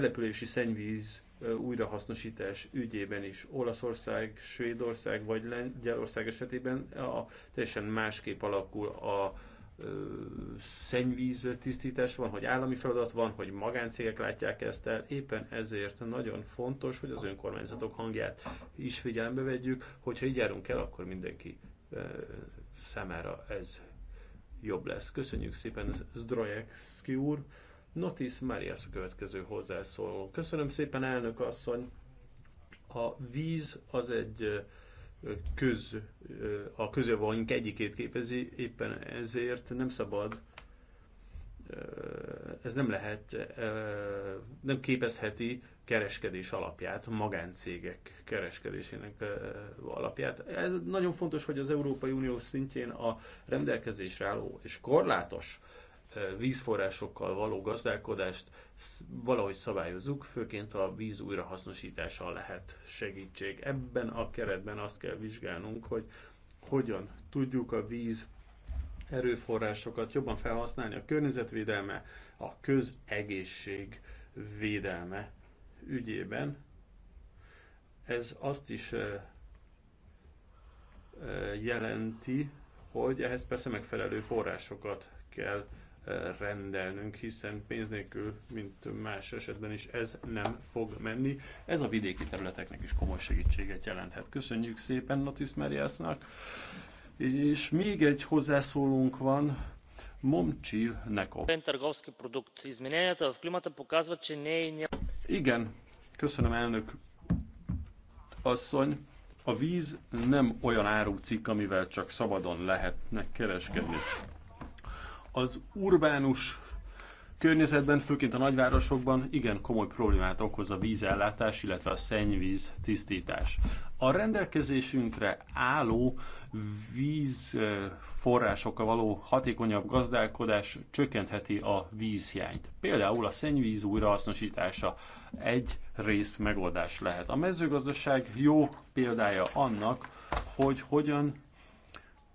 települési szennyvíz újrahasznosítás ügyében is. Olaszország, Svédország vagy Lengyelország esetében a, teljesen másképp alakul a szennyvíz tisztítás van, hogy állami feladat van, hogy magáncégek látják ezt el. Éppen ezért nagyon fontos, hogy az önkormányzatok hangját is figyelembe vegyük, hogyha így járunk el, akkor mindenki számára ez jobb lesz. Köszönjük szépen Zdrojewski úr! Notis Marias a következő hozzászóló. Köszönöm szépen, elnök asszony. A víz az egy köz, a közjavaink egyikét képezi, éppen ezért nem szabad, ez nem lehet, nem képezheti kereskedés alapját, magáncégek kereskedésének alapját. Ez nagyon fontos, hogy az Európai Unió szintjén a rendelkezésre álló és korlátos vízforrásokkal való gazdálkodást valahogy szabályozzuk, főként a víz újrahasznosítása lehet segítség. Ebben a keretben azt kell vizsgálnunk, hogy hogyan tudjuk a víz erőforrásokat jobban felhasználni a környezetvédelme, a közegészség védelme ügyében. Ez azt is jelenti, hogy ehhez persze megfelelő forrásokat kell rendelnünk, hiszen pénz nélkül, mint más esetben is, ez nem fog menni. Ez a vidéki területeknek is komoly segítséget jelenthet. Köszönjük szépen Notis Meriasnak. És még egy hozzászólónk van, Momcsil Neko. Igen, köszönöm elnök asszony. A víz nem olyan árucikk, amivel csak szabadon lehetnek kereskedni az urbánus környezetben, főként a nagyvárosokban igen komoly problémát okoz a vízellátás, illetve a szennyvíz tisztítás. A rendelkezésünkre álló vízforrásokkal való hatékonyabb gazdálkodás csökkentheti a vízhiányt. Például a szennyvíz újrahasznosítása egy rész megoldás lehet. A mezőgazdaság jó példája annak, hogy hogyan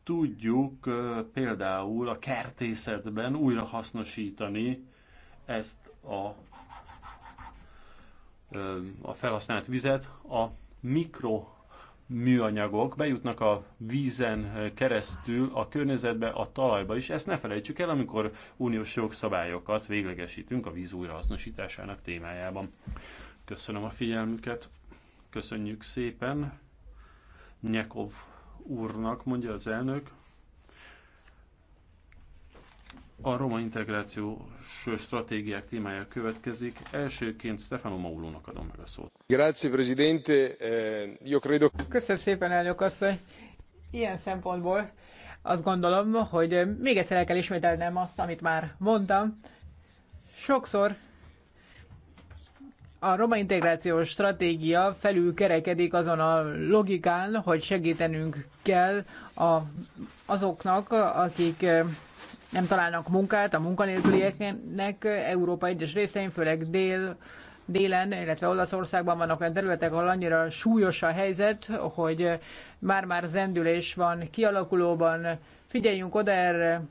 tudjuk például a kertészetben újrahasznosítani ezt a, a felhasznált vizet. A mikro műanyagok bejutnak a vízen keresztül a környezetbe, a talajba is. Ezt ne felejtsük el, amikor uniós jogszabályokat véglegesítünk a víz újrahasznosításának témájában. Köszönöm a figyelmüket, köszönjük szépen. Nyekov úrnak, mondja az elnök. A roma integrációs stratégiák témája következik. Elsőként Stefano Maulónak adom meg a szót. Grazie, Presidente. Eh, io credo... Köszönöm szépen, elnök asszony. Ilyen szempontból azt gondolom, hogy még egyszer el kell ismételnem azt, amit már mondtam. Sokszor a roma integrációs stratégia felül kerekedik azon a logikán, hogy segítenünk kell a, azoknak, akik eh, nem találnak munkát, a munkanélkülieknek Európa egyes részein, főleg dél, délen, illetve Olaszországban vannak olyan területek, ahol annyira súlyos a helyzet, hogy már-már zendülés van kialakulóban. Figyeljünk oda erre,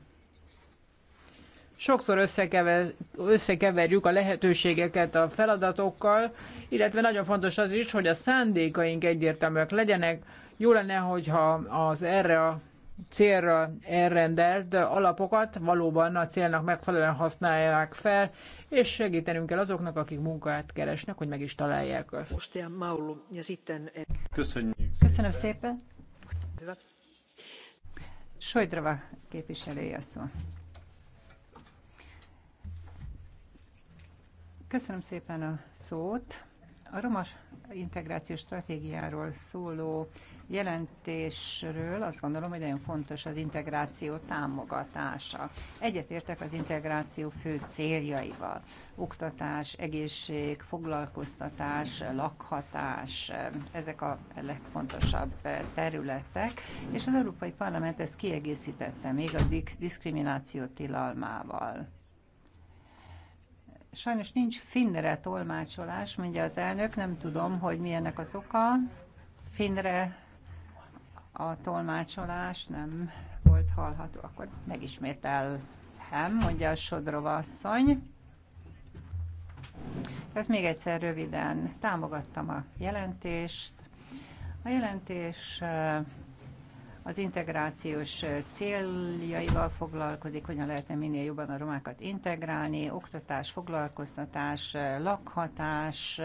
sokszor összekever, összekeverjük a lehetőségeket a feladatokkal, illetve nagyon fontos az is, hogy a szándékaink egyértelműek legyenek. Jó lenne, hogyha az erre a célra elrendelt alapokat valóban a célnak megfelelően használják fel, és segítenünk kell azoknak, akik munkát keresnek, hogy meg is találják azt. Köszönjük Köszönöm szépen. Sojdrova képviselője a szó. Köszönöm szépen a szót. A roma integrációs stratégiáról szóló jelentésről azt gondolom, hogy nagyon fontos az integráció támogatása. Egyetértek az integráció fő céljaival. Oktatás, egészség, foglalkoztatás, lakhatás, ezek a legfontosabb területek, és az Európai Parlament ezt kiegészítette még a diszkrimináció tilalmával. Sajnos nincs finnre tolmácsolás, mondja az elnök, nem tudom, hogy milyennek az oka. Finnre a tolmácsolás nem volt hallható, akkor megismételhem, mondja a Sodrova asszony. Tehát még egyszer röviden támogattam a jelentést. A jelentés az integrációs céljaival foglalkozik, hogyan lehetne minél jobban a romákat integrálni, oktatás, foglalkoztatás, lakhatás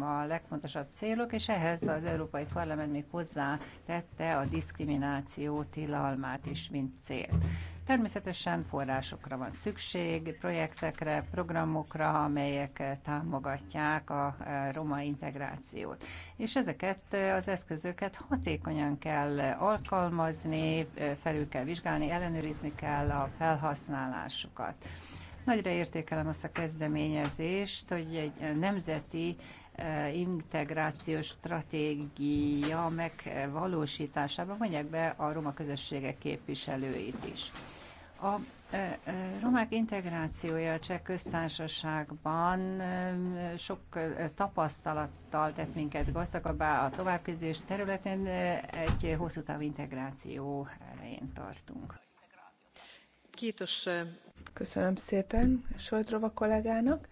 a legfontosabb célok, és ehhez az Európai Parlament még hozzá tette a diszkrimináció tilalmát is, mint célt. Természetesen forrásokra van szükség, projektekre, programokra, amelyek támogatják a roma integrációt. És ezeket az eszközöket hatékonyan kell alkalmazni, felül kell vizsgálni, ellenőrizni kell a felhasználásukat. Nagyra értékelem azt a kezdeményezést, hogy egy nemzeti e, integrációs stratégia megvalósításában vonják be a roma közösségek képviselőit is. A e, e, romák integrációja a cseh köztársaságban e, sok tapasztalattal tett minket gazdagabbá a továbbképzés területén, egy hosszú távú integráció elején tartunk. Kétos. Köszönöm szépen Soltrova kollégának,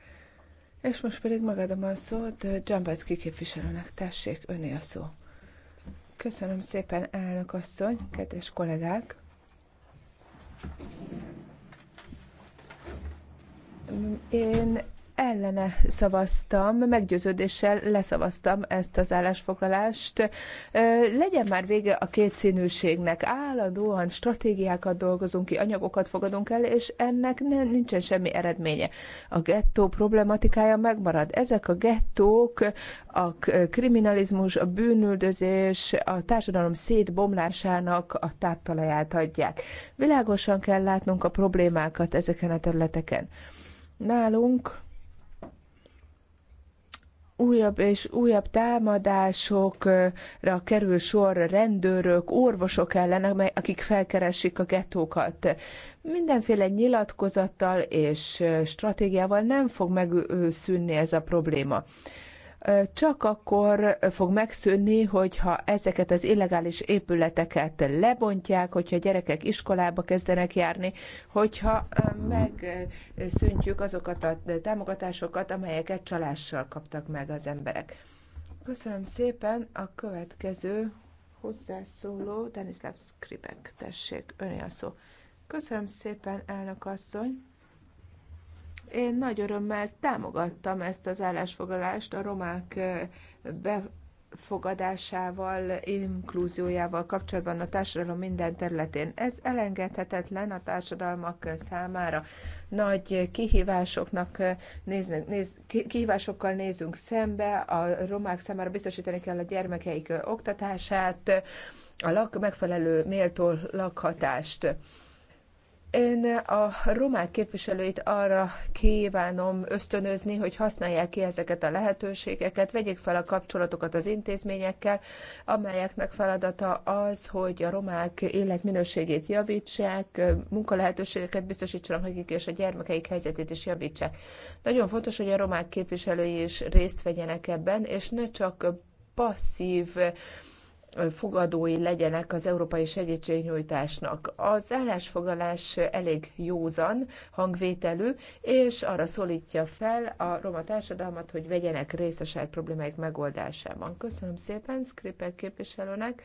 és most pedig megadom a szót Dzsambacki képviselőnek. Tessék, öné a szó. Köszönöm szépen, elnök asszony, kedves kollégák! Én ellene szavaztam, meggyőződéssel leszavaztam ezt az állásfoglalást. Legyen már vége a kétszínűségnek. Állandóan stratégiákat dolgozunk ki, anyagokat fogadunk el, és ennek nincsen semmi eredménye. A gettó problematikája megmarad. Ezek a gettók, a kriminalizmus, a bűnüldözés, a társadalom szétbomlásának a táptalaját adják. Világosan kell látnunk a problémákat ezeken a területeken. Nálunk újabb és újabb támadásokra kerül sor rendőrök, orvosok ellen, akik felkeresik a gettókat. Mindenféle nyilatkozattal és stratégiával nem fog megszűnni ez a probléma csak akkor fog megszűnni, hogyha ezeket az illegális épületeket lebontják, hogyha gyerekek iskolába kezdenek járni, hogyha megszüntjük azokat a támogatásokat, amelyeket csalással kaptak meg az emberek. Köszönöm szépen. A következő hozzászóló Danislav Skribek, Tessék, öné a szó. Köszönöm szépen, elnök asszony. Én nagy örömmel támogattam ezt az állásfoglalást a romák befogadásával, inkluziójával kapcsolatban a társadalom minden területén. Ez elengedhetetlen a társadalmak számára. Nagy kihívásoknak néznek, néz, kihívásokkal nézünk szembe, a romák számára biztosítani kell a gyermekeik oktatását, a lak, megfelelő méltó lakhatást én a romák képviselőit arra kívánom ösztönözni, hogy használják ki ezeket a lehetőségeket, vegyék fel a kapcsolatokat az intézményekkel, amelyeknek feladata az, hogy a romák életminőségét javítsák, munkalehetőségeket biztosítsanak nekik, és a gyermekeik helyzetét is javítsák. Nagyon fontos, hogy a romák képviselői is részt vegyenek ebben, és ne csak passzív fogadói legyenek az európai segítségnyújtásnak. Az állásfoglalás elég józan, hangvételű, és arra szólítja fel a roma társadalmat, hogy vegyenek részt a saját problémáik megoldásában. Köszönöm szépen Skriper képviselőnek.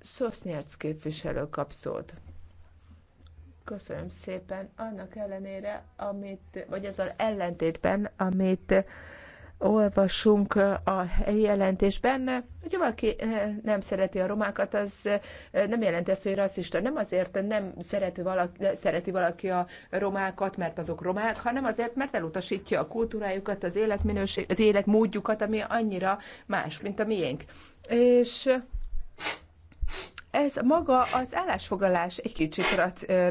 Szosznyerc képviselő kap szót. Köszönöm szépen. Annak ellenére, amit, vagy ezzel ellentétben, amit olvasunk a jelentésben, hogy valaki eh, nem szereti a romákat, az eh, nem jelenti azt, hogy rasszista. Nem azért nem szereti valaki, szereti valaki a romákat, mert azok romák, hanem azért, mert elutasítja a kultúrájukat, az életminőség, az életmódjukat, ami annyira más, mint a miénk. És ez maga az állásfoglalás egy kicsit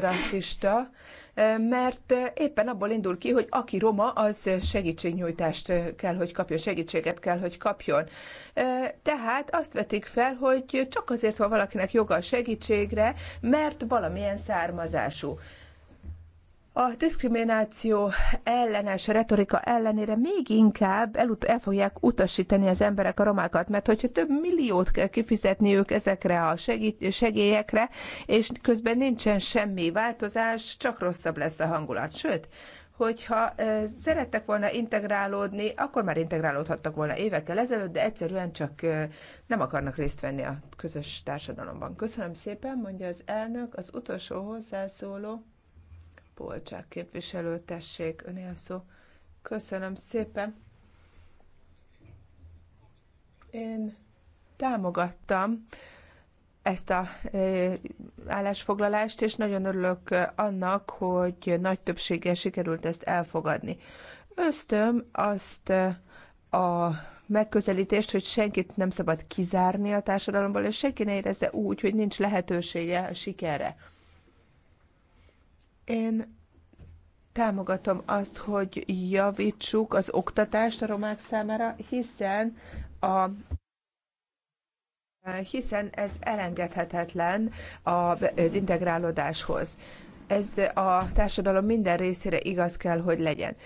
rasszista, mert éppen abból indul ki, hogy aki roma, az segítségnyújtást kell, hogy kapjon, segítséget kell, hogy kapjon. Tehát azt vetik fel, hogy csak azért van valakinek joga a segítségre, mert valamilyen származású a diszkrimináció ellenes retorika ellenére még inkább elut el fogják utasítani az emberek a romákat, mert hogyha több milliót kell kifizetniük ezekre a segít, segélyekre, és közben nincsen semmi változás, csak rosszabb lesz a hangulat. Sőt, hogyha szerettek volna integrálódni, akkor már integrálódhattak volna évekkel ezelőtt, de egyszerűen csak nem akarnak részt venni a közös társadalomban. Köszönöm szépen, mondja az elnök, az utolsó hozzászóló. Polcsák képviselő, tessék, önél szó. Köszönöm szépen. Én támogattam ezt a e, állásfoglalást, és nagyon örülök annak, hogy nagy többséggel sikerült ezt elfogadni. Ösztöm azt e, a megközelítést, hogy senkit nem szabad kizárni a társadalomból, és senki ne érezze úgy, hogy nincs lehetősége a sikerre. Én támogatom azt, hogy javítsuk az oktatást a romák számára, hiszen a hiszen ez elengedhetetlen az integrálódáshoz. Ez a társadalom minden részére igaz kell, hogy legyen.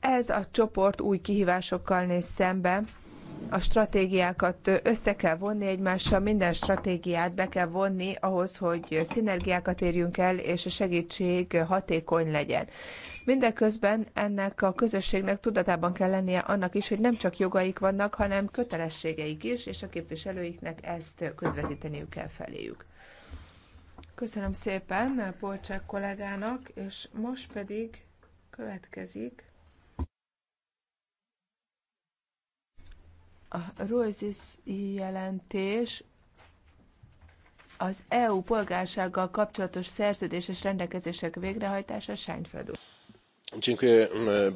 Ez a csoport új kihívásokkal néz szembe, a stratégiákat össze kell vonni egymással, minden stratégiát be kell vonni ahhoz, hogy szinergiákat érjünk el, és a segítség hatékony legyen. Mindeközben ennek a közösségnek tudatában kell lennie annak is, hogy nem csak jogaik vannak, hanem kötelességeik is, és a képviselőiknek ezt közvetíteniük kell feléjük. Köszönöm szépen Polcsák kollégának, és most pedig következik A Roisis jelentés az EU polgársággal kapcsolatos szerződéses rendelkezések végrehajtása Seinfeld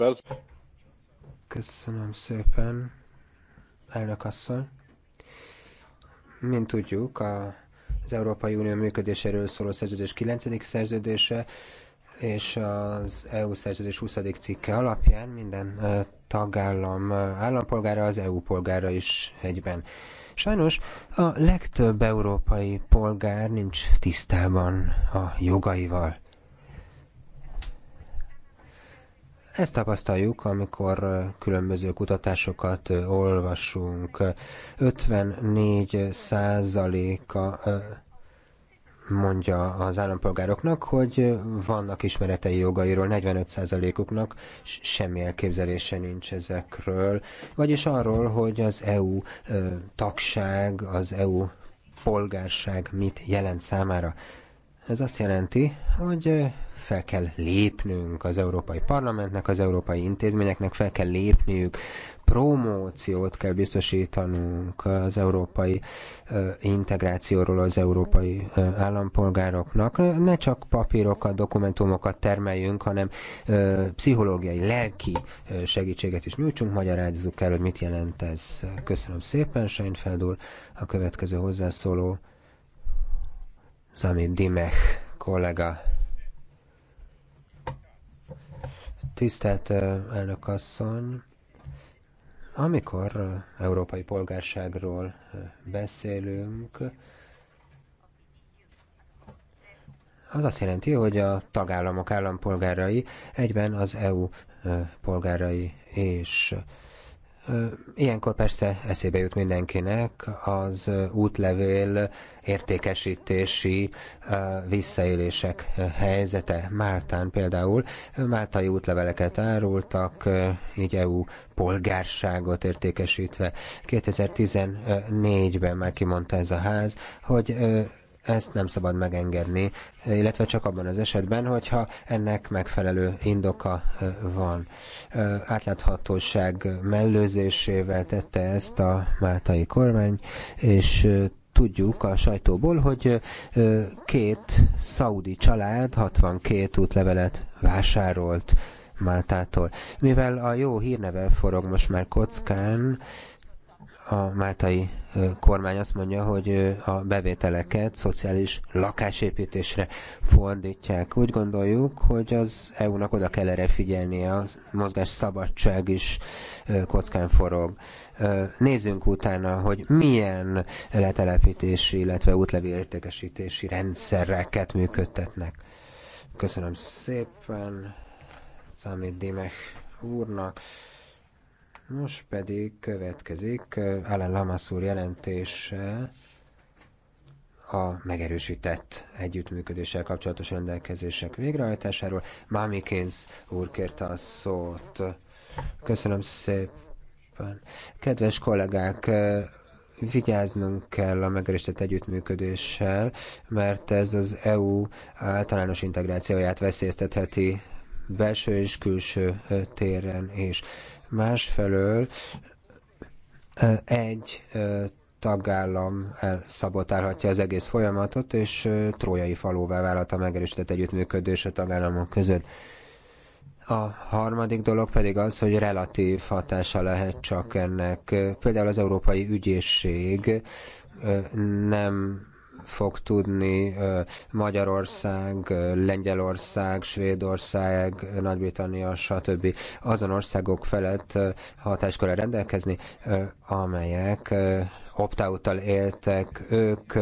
e, Köszönöm szépen, elnök asszony. Mint tudjuk, a az Európai Unió működéséről szóló szerződés 9. szerződése és az EU szerződés 20. cikke alapján minden tagállam állampolgára az EU polgára is egyben. Sajnos a legtöbb európai polgár nincs tisztában a jogaival. Ezt tapasztaljuk, amikor különböző kutatásokat olvasunk. 54 százaléka mondja az állampolgároknak, hogy vannak ismeretei jogairól, 45%-uknak semmi elképzelése nincs ezekről, vagyis arról, hogy az EU tagság, az EU polgárság mit jelent számára. Ez azt jelenti, hogy fel kell lépnünk az Európai Parlamentnek, az európai intézményeknek, fel kell lépniük promóciót kell biztosítanunk az európai integrációról az európai állampolgároknak. Ne csak papírokat, dokumentumokat termeljünk, hanem pszichológiai, lelki segítséget is nyújtsunk, magyarázzuk el, hogy mit jelent ez. Köszönöm szépen, Seinfeld úr. A következő hozzászóló Zami Dimech kollega. Tisztelt elnök asszony! Amikor európai polgárságról beszélünk, az azt jelenti, hogy a tagállamok állampolgárai egyben az EU polgárai és Ilyenkor persze eszébe jut mindenkinek az útlevél értékesítési visszaélések helyzete. Máltán például máltai útleveleket árultak, így EU polgárságot értékesítve. 2014-ben már kimondta ez a ház, hogy ezt nem szabad megengedni, illetve csak abban az esetben, hogyha ennek megfelelő indoka van. Átláthatóság mellőzésével tette ezt a máltai kormány, és tudjuk a sajtóból, hogy két szaudi család 62 útlevelet vásárolt Máltától. Mivel a jó hírnevel forog most már kockán, a máltai kormány azt mondja, hogy a bevételeket szociális lakásépítésre fordítják. Úgy gondoljuk, hogy az EU-nak oda kell erre figyelnie, a mozgás szabadság is kockán forog. Nézzünk utána, hogy milyen letelepítési, illetve útlevélértékesítési rendszereket működtetnek. Köszönöm szépen Számít Dimech úrnak. Most pedig következik eh, Alan Lamassur jelentése a megerősített együttműködéssel kapcsolatos rendelkezések végrehajtásáról. Mami Mamikins úr kérte a szót. Köszönöm szépen. Kedves kollégák, eh, vigyáznunk kell a megerősített együttműködéssel, mert ez az EU általános integrációját veszélyeztetheti belső és külső eh, téren is. Másfelől egy tagállam szabotálhatja az egész folyamatot, és trójai falóvá válhat a megerősített együttműködés a tagállamok között. A harmadik dolog pedig az, hogy relatív hatása lehet csak ennek. Például az Európai Ügyészség nem fog tudni Magyarország, Lengyelország, Svédország, Nagy-Britannia, stb. azon országok felett hatáskörre rendelkezni, amelyek opt éltek, ők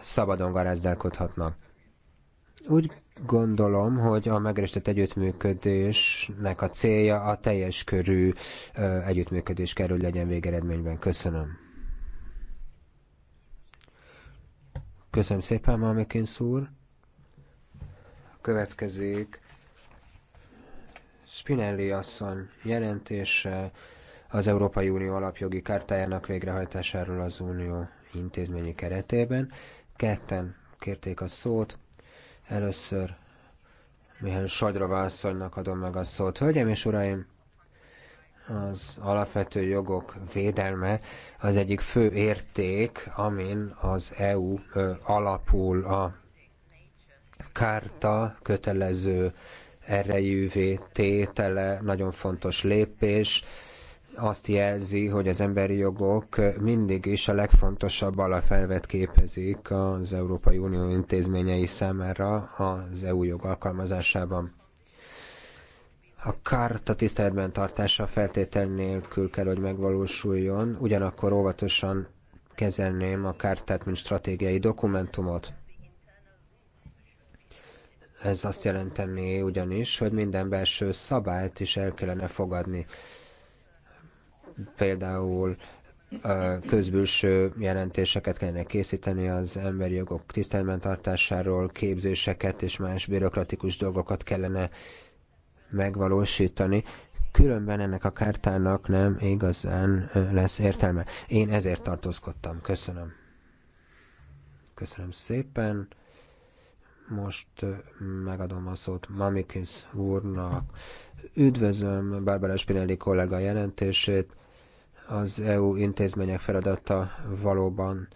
szabadon garázdálkodhatnak. Úgy gondolom, hogy a megerősített együttműködésnek a célja a teljes körű együttműködés kerül legyen végeredményben. Köszönöm. Köszönöm szépen, Malmikins szúr. Következik Spinelli asszony jelentése az Európai Unió alapjogi kártájának végrehajtásáról az Unió intézményi keretében. Ketten kérték a szót. Először Mihály Sadrava asszonynak adom meg a szót. Hölgyeim és uraim, az alapvető jogok védelme az egyik fő érték, amin az EU alapul a kárta kötelező erejűvé tétele, nagyon fontos lépés, azt jelzi, hogy az emberi jogok mindig is a legfontosabb alapelvet képezik az Európai Unió intézményei számára az EU jog alkalmazásában a a tiszteletben tartása feltétel nélkül kell, hogy megvalósuljon, ugyanakkor óvatosan kezelném a kártát, mint stratégiai dokumentumot. Ez azt jelenteni ugyanis, hogy minden belső szabályt is el kellene fogadni. Például közbülső jelentéseket kellene készíteni az emberi jogok tiszteletben tartásáról, képzéseket és más bürokratikus dolgokat kellene megvalósítani, különben ennek a kártának nem igazán lesz értelme. Én ezért tartózkodtam. Köszönöm. Köszönöm szépen. Most megadom a szót Mamikis úrnak. Üdvözlöm Barbara Spinelli kollega jelentését. Az EU intézmények feladata valóban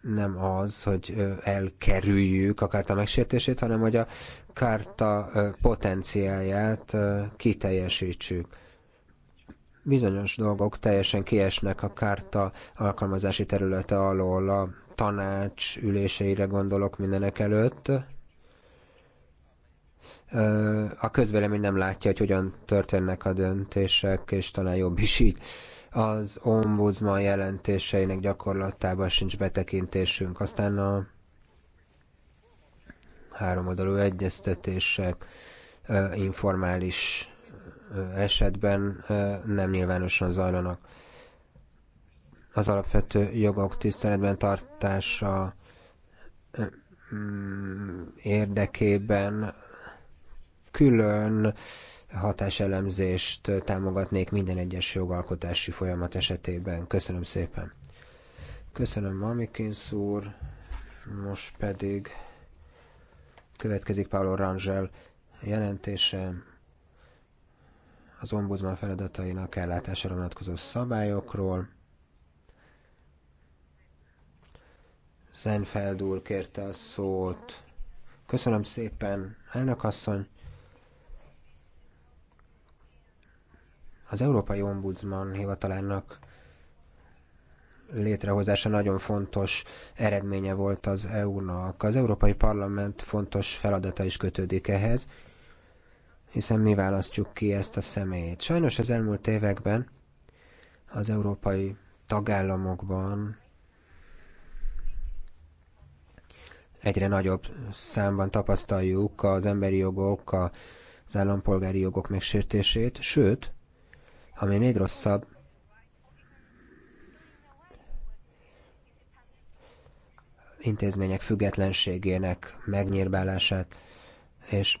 nem az, hogy elkerüljük a kárta megsértését, hanem hogy a karta potenciáját kiteljesítsük. Bizonyos dolgok teljesen kiesnek a karta alkalmazási területe alól, a tanács üléseire gondolok mindenek előtt. A közvélemény nem látja, hogy hogyan történnek a döntések, és talán jobb is így az ombudsman jelentéseinek gyakorlatában sincs betekintésünk. Aztán a háromoldalú egyeztetések informális esetben nem nyilvánosan zajlanak. Az alapvető jogok tiszteletben tartása mm, érdekében külön hatáselemzést támogatnék minden egyes jogalkotási folyamat esetében. Köszönöm szépen. Köszönöm Mamikins úr, most pedig Következik Paulo Rangel jelentése az ombudsman feladatainak ellátására vonatkozó szabályokról. Zenfeld úr kérte a szót. Köszönöm szépen, elnök asszony. Az Európai Ombudsman hivatalának létrehozása nagyon fontos eredménye volt az EU-nak. Az Európai Parlament fontos feladata is kötődik ehhez, hiszen mi választjuk ki ezt a személyt. Sajnos az elmúlt években az európai tagállamokban egyre nagyobb számban tapasztaljuk az emberi jogok, az állampolgári jogok megsértését, sőt, ami még rosszabb, intézmények függetlenségének megnyírbálását, és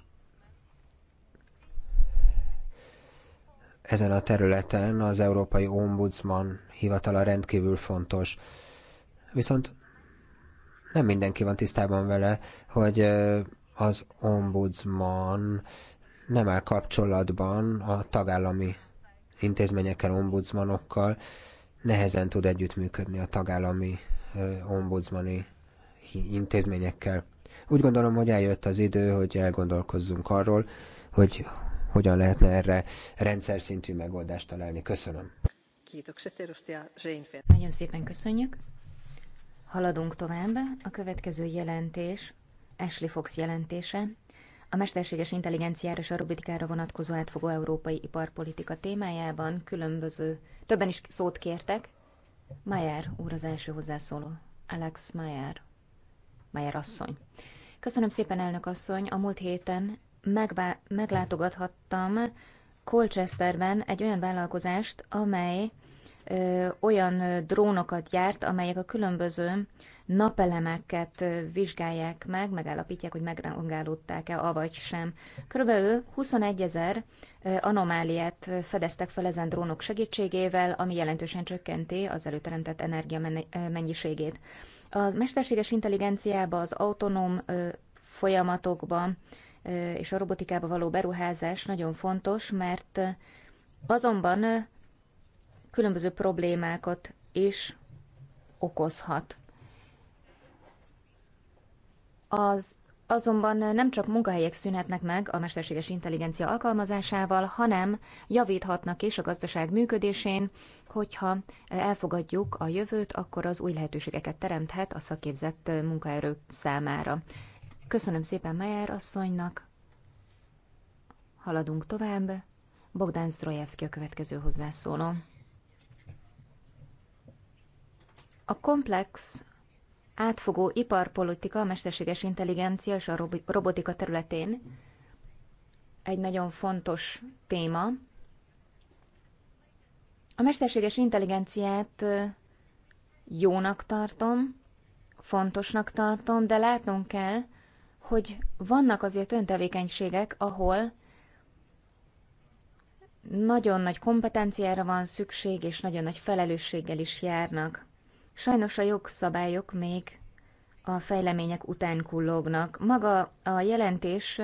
ezen a területen az Európai Ombudsman hivatala rendkívül fontos. Viszont nem mindenki van tisztában vele, hogy az ombudsman nem áll kapcsolatban a tagállami intézményekkel, ombudsmanokkal, nehezen tud együttműködni a tagállami ombudsmani intézményekkel. Úgy gondolom, hogy eljött az idő, hogy elgondolkozzunk arról, hogy hogyan lehetne erre rendszer szintű megoldást találni. Köszönöm. Nagyon szépen köszönjük. Haladunk tovább. A következő jelentés, Ashley Fox jelentése, a mesterséges intelligenciára és a robotikára vonatkozó átfogó európai iparpolitika témájában különböző, többen is szót kértek. Mayer úr az első hozzászóló. Alex Mayer Mayer asszony. Köszönöm szépen, elnök asszony. A múlt héten megbá- meglátogathattam Colchesterben egy olyan vállalkozást, amely ö, olyan drónokat gyárt, amelyek a különböző napelemeket vizsgálják meg, megállapítják, hogy megrangálódták-e, avagy sem. Körülbelül 21 ezer anomáliát fedeztek fel ezen drónok segítségével, ami jelentősen csökkenti az előteremtett energia mennyiségét. A mesterséges intelligenciába, az autonóm folyamatokba és a robotikába való beruházás nagyon fontos, mert azonban különböző problémákat is okozhat. Az Azonban nem csak munkahelyek szűnhetnek meg a mesterséges intelligencia alkalmazásával, hanem javíthatnak is a gazdaság működésén, hogyha elfogadjuk a jövőt, akkor az új lehetőségeket teremthet a szakképzett munkaerő számára. Köszönöm szépen Meyer asszonynak. Haladunk tovább. Bogdán Zdrojevski a következő hozzászóló. A komplex átfogó iparpolitika, a mesterséges intelligencia és a robotika területén egy nagyon fontos téma, a mesterséges intelligenciát jónak tartom, fontosnak tartom, de látnunk kell, hogy vannak azért öntevékenységek, ahol nagyon nagy kompetenciára van szükség, és nagyon nagy felelősséggel is járnak. Sajnos a jogszabályok még a fejlemények után kullognak. Maga a jelentés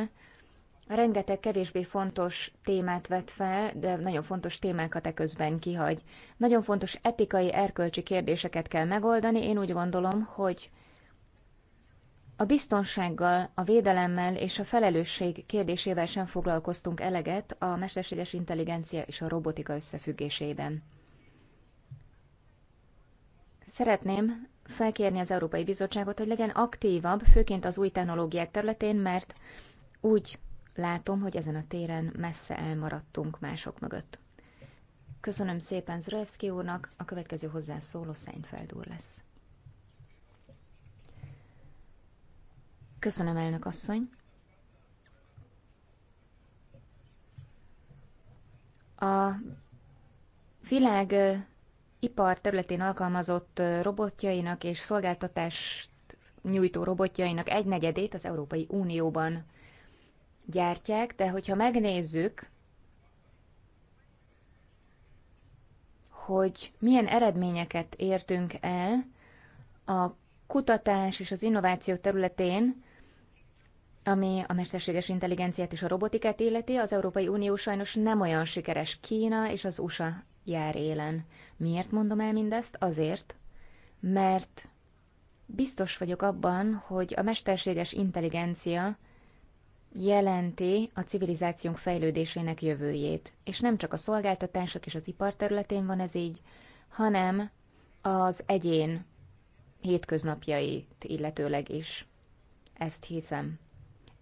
rengeteg kevésbé fontos témát vet fel, de nagyon fontos témákat eközben kihagy. Nagyon fontos etikai, erkölcsi kérdéseket kell megoldani. Én úgy gondolom, hogy a biztonsággal, a védelemmel és a felelősség kérdésével sem foglalkoztunk eleget a mesterséges intelligencia és a robotika összefüggésében. Szeretném felkérni az Európai Bizottságot, hogy legyen aktívabb, főként az új technológiák területén, mert úgy látom, hogy ezen a téren messze elmaradtunk mások mögött. Köszönöm szépen Zröevszki úrnak, a következő hozzászóló Seinfeld úr lesz. Köszönöm, elnök asszony. A világ ipar területén alkalmazott robotjainak és szolgáltatást nyújtó robotjainak egynegyedét az Európai Unióban gyártják, de hogyha megnézzük, hogy milyen eredményeket értünk el a kutatás és az innováció területén, ami a mesterséges intelligenciát és a robotikát illeti, az Európai Unió sajnos nem olyan sikeres. Kína és az USA jár élen. Miért mondom el mindezt? Azért, mert biztos vagyok abban, hogy a mesterséges intelligencia jelenti a civilizációnk fejlődésének jövőjét. És nem csak a szolgáltatások és az ipar területén van ez így, hanem az egyén hétköznapjait illetőleg is. Ezt hiszem.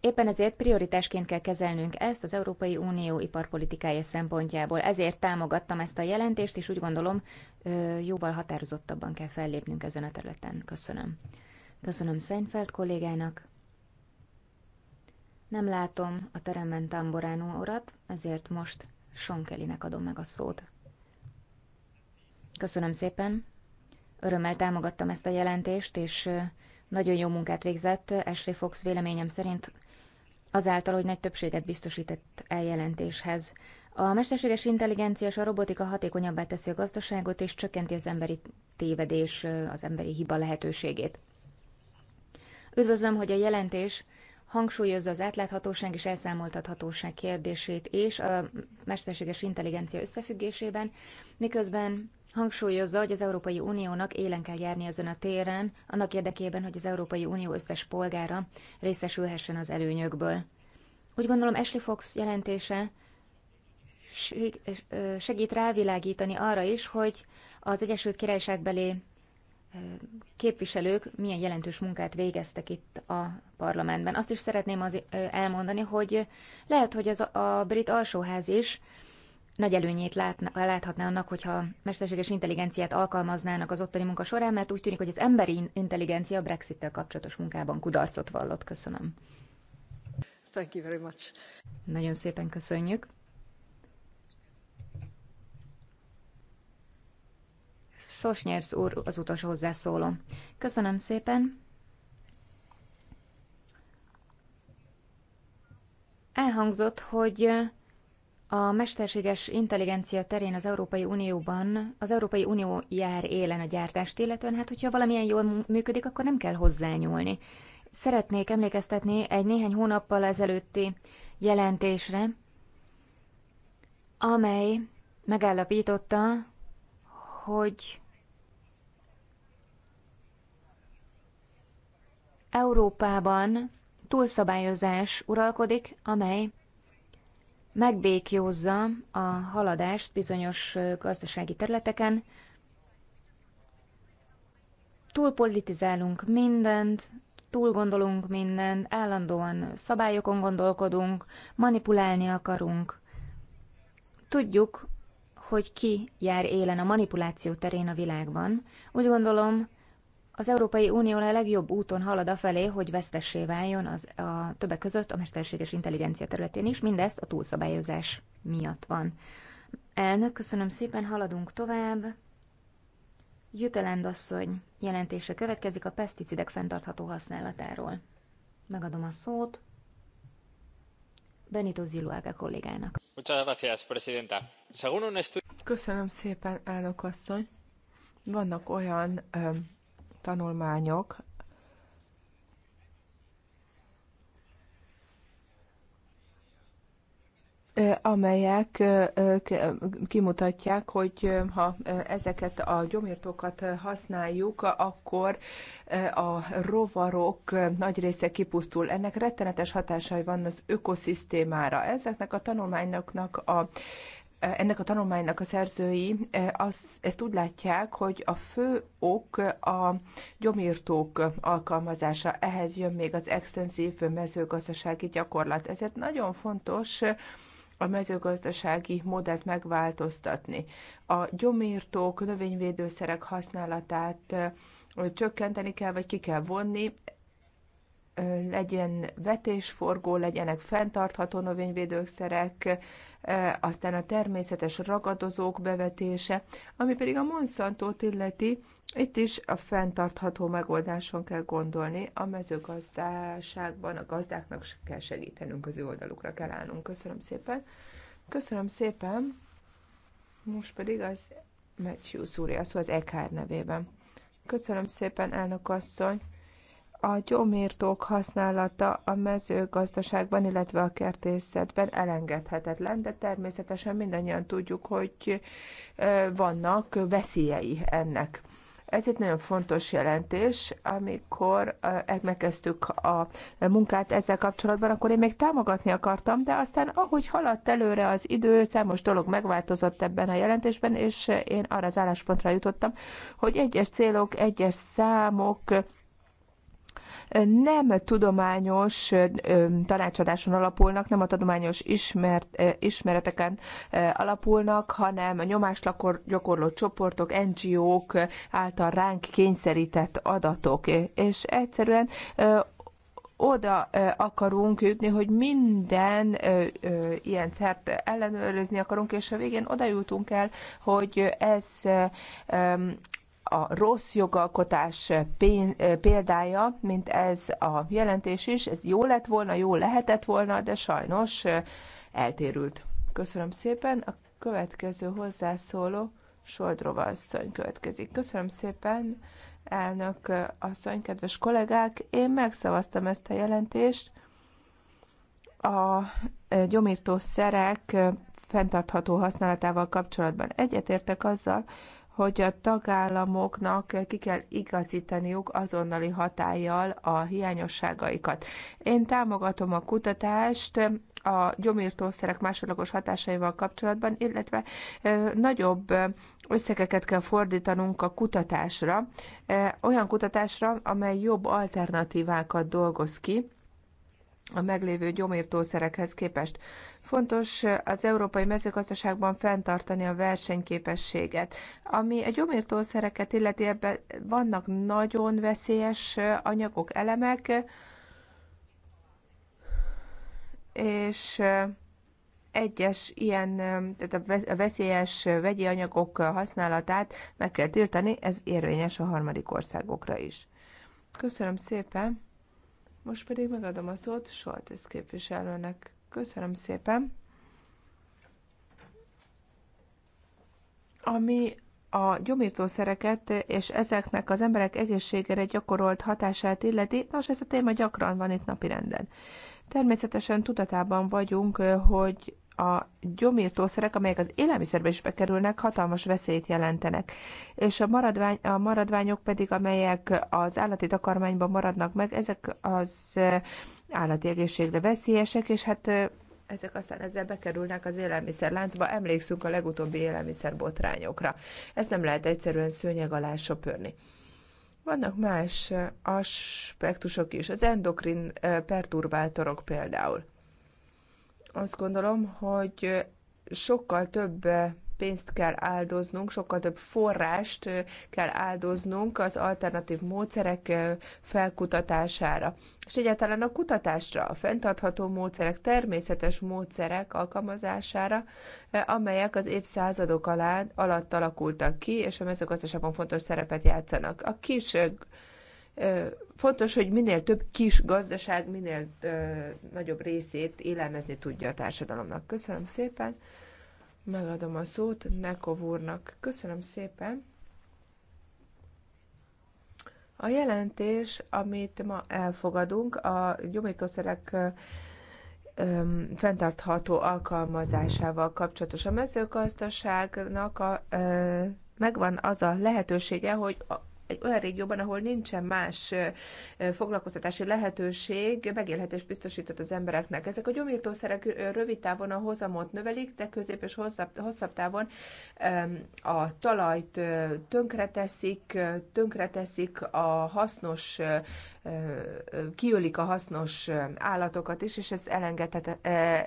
Éppen ezért prioritásként kell kezelnünk ezt az Európai Unió iparpolitikája szempontjából. Ezért támogattam ezt a jelentést, és úgy gondolom, jóval határozottabban kell fellépnünk ezen a területen. Köszönöm. Köszönöm Seinfeld kollégának. Nem látom a teremben Tamboránó urat, ezért most Sonkelinek adom meg a szót. Köszönöm szépen. Örömmel támogattam ezt a jelentést, és nagyon jó munkát végzett Ashley Fox véleményem szerint azáltal, hogy nagy többséget biztosított eljelentéshez. A mesterséges intelligencia és a robotika hatékonyabbá teszi a gazdaságot, és csökkenti az emberi tévedés, az emberi hiba lehetőségét. Üdvözlöm, hogy a jelentés hangsúlyozza az átláthatóság és elszámoltathatóság kérdését és a mesterséges intelligencia összefüggésében, miközben hangsúlyozza, hogy az Európai Uniónak élen kell járni ezen a téren, annak érdekében, hogy az Európai Unió összes polgára részesülhessen az előnyökből. Úgy gondolom Ashley Fox jelentése segít rávilágítani arra is, hogy az Egyesült Királyság belé képviselők milyen jelentős munkát végeztek itt a parlamentben. Azt is szeretném az elmondani, hogy lehet, hogy az a brit alsóház is nagy előnyét látna, láthatná annak, hogyha mesterséges intelligenciát alkalmaznának az ottani munka során, mert úgy tűnik, hogy az emberi intelligencia a Brexit-tel kapcsolatos munkában kudarcot vallott. Köszönöm. Thank you very much. Nagyon szépen köszönjük. Sosnyers úr az utolsó hozzászóló. Köszönöm szépen. Elhangzott, hogy a mesterséges intelligencia terén az Európai Unióban az Európai Unió jár élen a gyártást, illetően hát, hogyha valamilyen jól működik, akkor nem kell hozzányúlni. Szeretnék emlékeztetni egy néhány hónappal ezelőtti jelentésre, amely megállapította, hogy Európában túlszabályozás uralkodik, amely megbékjózza a haladást bizonyos gazdasági területeken. Túlpolitizálunk mindent, túl gondolunk mindent, állandóan szabályokon gondolkodunk, manipulálni akarunk. Tudjuk, hogy ki jár élen a manipuláció terén a világban. Úgy gondolom, az Európai Unió a legjobb úton halad afelé, hogy vesztessé váljon az, a többek között a mesterséges intelligencia területén is, mindezt a túlszabályozás miatt van. Elnök, köszönöm szépen, haladunk tovább. Jutelendasszony jelentése következik a peszticidek fenntartható használatáról. Megadom a szót Benito Ziluaga kollégának. Köszönöm szépen, elnök asszony. Vannak olyan ö, tanulmányok amelyek kimutatják, hogy ha ezeket a gyomírtókat használjuk, akkor a rovarok nagy része kipusztul. Ennek rettenetes hatásai van az ökoszisztémára. Ezeknek a tanulmányoknak a ennek a tanulmánynak a szerzői e, az, ezt úgy látják, hogy a fő ok a gyomírtók alkalmazása. Ehhez jön még az extenzív mezőgazdasági gyakorlat. Ezért nagyon fontos a mezőgazdasági modellt megváltoztatni. A gyomírtók, növényvédőszerek használatát csökkenteni kell, vagy ki kell vonni legyen vetésforgó, legyenek fenntartható növényvédőszerek, aztán a természetes ragadozók bevetése, ami pedig a monsanto illeti, itt is a fenntartható megoldáson kell gondolni, a mezőgazdaságban a gazdáknak kell segítenünk, az ő oldalukra kell állnunk. Köszönöm szépen. Köszönöm szépen. Most pedig az Matthew Szúri, az, az EKR nevében. Köszönöm szépen, elnök asszony a gyomirtók használata a mezőgazdaságban, illetve a kertészetben elengedhetetlen, de természetesen mindannyian tudjuk, hogy vannak veszélyei ennek. Ez egy nagyon fontos jelentés, amikor megkezdtük a munkát ezzel kapcsolatban, akkor én még támogatni akartam, de aztán ahogy haladt előre az idő, számos dolog megváltozott ebben a jelentésben, és én arra az álláspontra jutottam, hogy egyes célok, egyes számok nem tudományos tanácsadáson alapulnak, nem a tudományos ismert, ismereteken alapulnak, hanem a nyomáslakor gyakorló csoportok, NGO-k által ránk kényszerített adatok, és egyszerűen oda akarunk jutni, hogy minden ilyen szert ellenőrizni akarunk, és a végén oda jutunk el, hogy ez a rossz jogalkotás példája, mint ez a jelentés is. Ez jó lett volna, jó lehetett volna, de sajnos eltérült. Köszönöm szépen. A következő hozzászóló Soldrova asszony következik. Köszönöm szépen, elnök asszony, kedves kollégák. Én megszavaztam ezt a jelentést. A gyomírtószerek fenntartható használatával kapcsolatban egyetértek azzal, hogy a tagállamoknak ki kell igazítaniuk azonnali hatállyal a hiányosságaikat. Én támogatom a kutatást a gyomírtószerek másodlagos hatásaival kapcsolatban, illetve nagyobb összegeket kell fordítanunk a kutatásra, olyan kutatásra, amely jobb alternatívákat dolgoz ki, a meglévő gyomírtószerekhez képest. Fontos az európai mezőgazdaságban fenntartani a versenyképességet. Ami a gyomírtószereket illeti, ebben vannak nagyon veszélyes anyagok, elemek, és egyes ilyen tehát a veszélyes vegyi anyagok használatát meg kell tiltani, ez érvényes a harmadik országokra is. Köszönöm szépen! Most pedig megadom a szót Soltész képviselőnek. Köszönöm szépen. Ami a gyomítószereket és ezeknek az emberek egészségére gyakorolt hatását illeti, nos, ez a téma gyakran van itt napirenden. Természetesen tudatában vagyunk, hogy a gyomírtószerek, amelyek az élelmiszerbe is bekerülnek, hatalmas veszélyt jelentenek. És a, maradvány, a maradványok pedig, amelyek az állati takarmányban maradnak meg, ezek az állati egészségre veszélyesek, és hát ezek aztán ezzel bekerülnek az élelmiszerláncba, emlékszünk a legutóbbi élelmiszerbotrányokra. Ezt nem lehet egyszerűen szőnyeg alá söpörni. Vannak más aspektusok is, az endokrin perturbátorok például. Azt gondolom, hogy sokkal több pénzt kell áldoznunk, sokkal több forrást kell áldoznunk az alternatív módszerek felkutatására. És egyáltalán a kutatásra, a fenntartható módszerek, természetes módszerek alkalmazására, amelyek az évszázadok alá, alatt alakultak ki, és a mezőgazdaságban fontos szerepet játszanak. A kis fontos, hogy minél több kis gazdaság, minél ö, nagyobb részét élelmezni tudja a társadalomnak. Köszönöm szépen. Megadom a szót Nekov úrnak. Köszönöm szépen. A jelentés, amit ma elfogadunk, a gyomítószerek fenntartható alkalmazásával kapcsolatos. A mezőgazdaságnak a, ö, megvan az a lehetősége, hogy egy olyan régióban, ahol nincsen más foglalkoztatási lehetőség, megélhetést biztosított az embereknek. Ezek a gyomírtószerek rövid távon a hozamot növelik, de közép és hosszabb, hosszabb távon a talajt tönkreteszik, tönkreteszik a hasznos, kiölik a hasznos állatokat is, és ez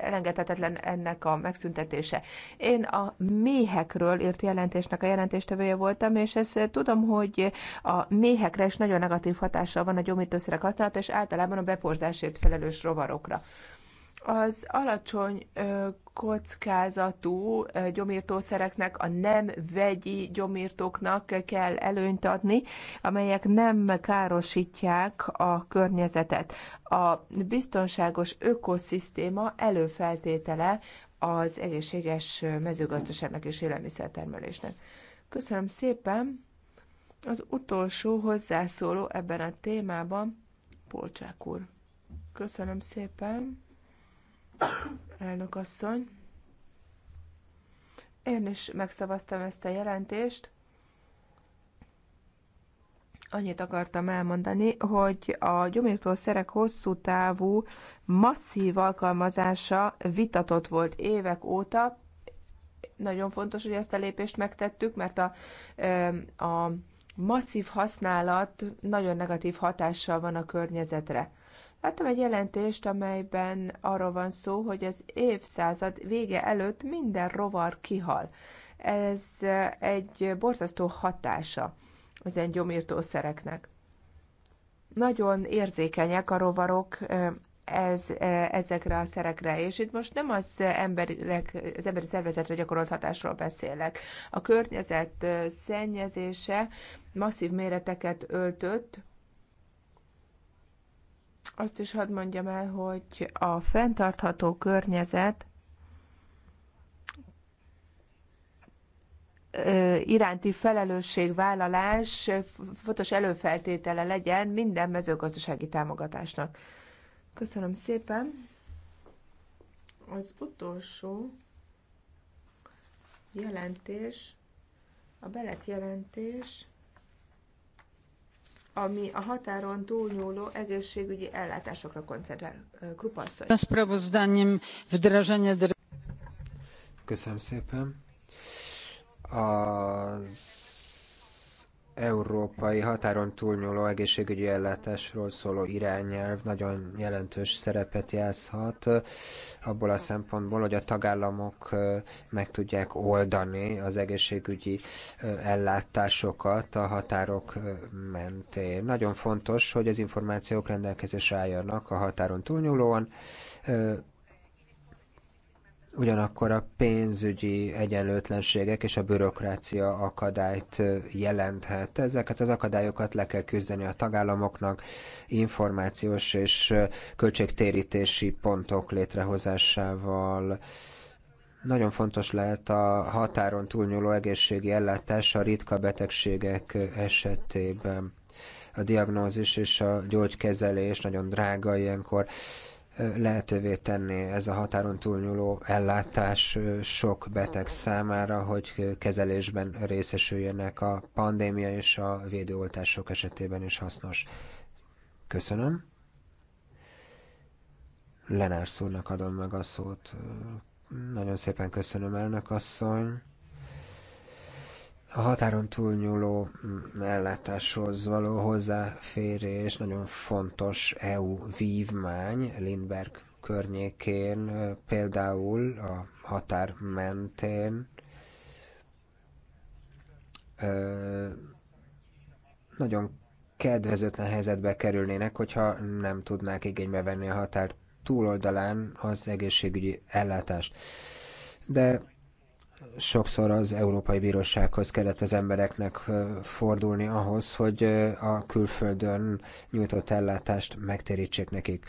elengedhetetlen ennek a megszüntetése. Én a méhekről írt jelentésnek a jelentéstevője voltam, és ezt tudom, hogy a méhekre is nagyon negatív hatással van a gyomítószerek használata, és általában a beporzásért felelős rovarokra. Az alacsony kockázatú gyomírtószereknek, a nem vegyi gyomírtóknak kell előnyt adni, amelyek nem károsítják a környezetet. A biztonságos ökoszisztéma előfeltétele az egészséges mezőgazdaságnak és élelmiszertermelésnek. Köszönöm szépen! Az utolsó hozzászóló ebben a témában Polcsák úr. Köszönöm szépen, elnök asszony. Én is megszavaztam ezt a jelentést. Annyit akartam elmondani, hogy a szerek hosszú távú, masszív alkalmazása vitatott volt évek óta. Nagyon fontos, hogy ezt a lépést megtettük, mert a, a masszív használat nagyon negatív hatással van a környezetre. Láttam egy jelentést, amelyben arról van szó, hogy az évszázad vége előtt minden rovar kihal. Ez egy borzasztó hatása ezen gyomírtószereknek. Nagyon érzékenyek a rovarok ez, e, ezekre a szerekre. És itt most nem az, emberek, az emberi szervezetre gyakorolt hatásról beszélek. A környezet e, szennyezése masszív méreteket öltött, azt is hadd mondjam el, hogy a fenntartható környezet e, iránti felelősségvállalás fontos előfeltétele legyen minden mezőgazdasági támogatásnak. Köszönöm szépen. Az utolsó jelentés, a belet jelentés, ami a határon túlnyúló egészségügyi ellátásokra koncentrál. Krupasszony. Köszönöm szépen. Az európai határon túlnyúló egészségügyi ellátásról szóló irányelv nagyon jelentős szerepet játszhat abból a szempontból, hogy a tagállamok meg tudják oldani az egészségügyi ellátásokat a határok mentén. Nagyon fontos, hogy az információk rendelkezésre álljanak a határon túlnyúlóan, ugyanakkor a pénzügyi egyenlőtlenségek és a bürokrácia akadályt jelenthet. Ezeket az akadályokat le kell küzdeni a tagállamoknak, információs és költségtérítési pontok létrehozásával. Nagyon fontos lehet a határon túlnyúló egészségi ellátás a ritka betegségek esetében. A diagnózis és a gyógykezelés nagyon drága ilyenkor lehetővé tenni ez a határon túlnyúló ellátás sok beteg számára, hogy kezelésben részesüljenek a pandémia és a védőoltások esetében is hasznos. Köszönöm. Lenár szúrnak adom meg a szót. Nagyon szépen köszönöm, elnök asszony a határon túlnyúló mm, ellátáshoz való hozzáférés nagyon fontos EU vívmány Lindberg környékén, például a határ mentén. Nagyon kedvezőtlen helyzetbe kerülnének, hogyha nem tudnák igénybe venni a határ túloldalán az egészségügyi ellátást. De sokszor az Európai Bírósághoz kellett az embereknek fordulni ahhoz, hogy a külföldön nyújtott ellátást megtérítsék nekik.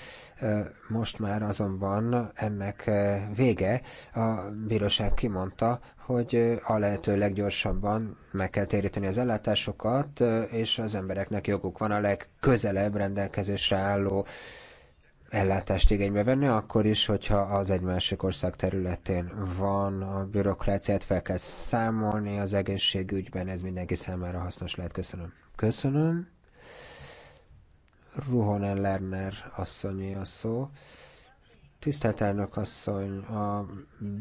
Most már azonban ennek vége. A bíróság kimondta, hogy a lehető leggyorsabban meg kell téríteni az ellátásokat, és az embereknek joguk van a legközelebb rendelkezésre álló ellátást igénybe venni, akkor is, hogyha az egy másik ország területén van a bürokráciát, fel kell számolni az egészségügyben, ez mindenki számára hasznos lehet. Köszönöm. Köszönöm. Ruhonen Lerner asszonyi a szó. Tisztelt elnök asszony, a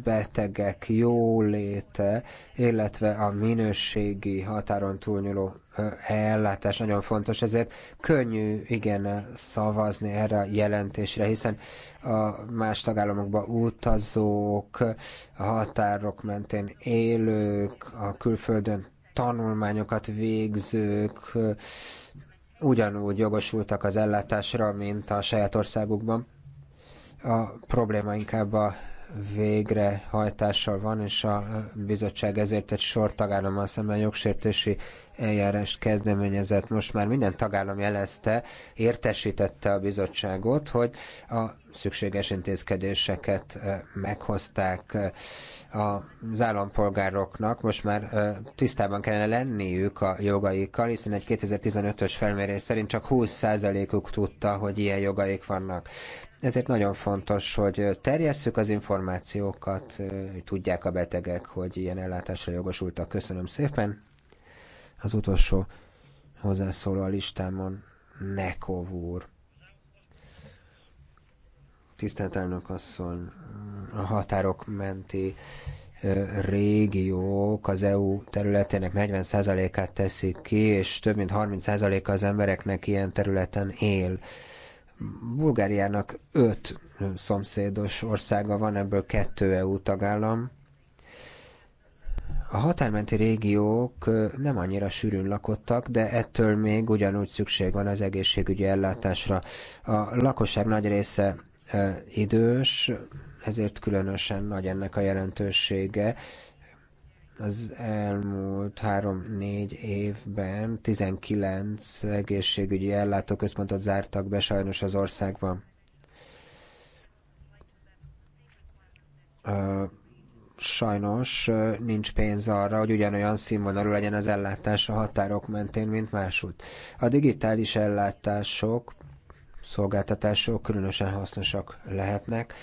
betegek jóléte, illetve a minőségi határon túlnyúló ellátás nagyon fontos, ezért könnyű igen szavazni erre a jelentésre, hiszen a más tagállamokba utazók, a határok mentén élők, a külföldön tanulmányokat végzők ugyanúgy jogosultak az ellátásra, mint a saját országukban a probléma inkább a végrehajtással van, és a bizottság ezért egy sor tagállammal szemben jogsértési eljárást kezdeményezett. Most már minden tagállam jelezte, értesítette a bizottságot, hogy a szükséges intézkedéseket meghozták az állampolgároknak. Most már tisztában kellene lenniük a jogaikkal, hiszen egy 2015-ös felmérés szerint csak 20%-uk tudta, hogy ilyen jogaik vannak. Ezért nagyon fontos, hogy terjesszük az információkat, hogy tudják a betegek, hogy ilyen ellátásra jogosultak. Köszönöm szépen! Az utolsó hozzászóló a listámon Nekov úr. Tisztelt elnök asszony, a határok menti régiók az EU területének 40%-át teszik ki, és több mint 30%-a az embereknek ilyen területen él. Bulgáriának öt szomszédos országa van, ebből kettő EU tagállam, a határmenti régiók nem annyira sűrűn lakottak, de ettől még ugyanúgy szükség van az egészségügyi ellátásra. A lakosság nagy része idős, ezért különösen nagy ennek a jelentősége. Az elmúlt három-négy évben 19 egészségügyi ellátóközpontot zártak be sajnos az országban sajnos nincs pénz arra, hogy ugyanolyan színvonalú legyen az ellátás a határok mentén, mint másút. A digitális ellátások, szolgáltatások különösen hasznosak lehetnek,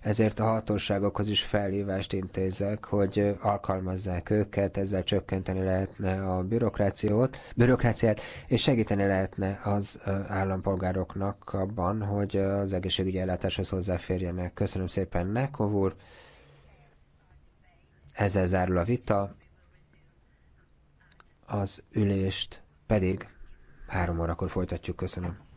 ezért a hatóságokhoz is felhívást intézek, hogy alkalmazzák őket, ezzel csökkenteni lehetne a bürokrációt, bürokráciát, és segíteni lehetne az állampolgároknak abban, hogy az egészségügyi ellátáshoz hozzáférjenek. Köszönöm szépen, Nekov úr! Ezzel zárul a vita, az ülést pedig három órakor folytatjuk. Köszönöm.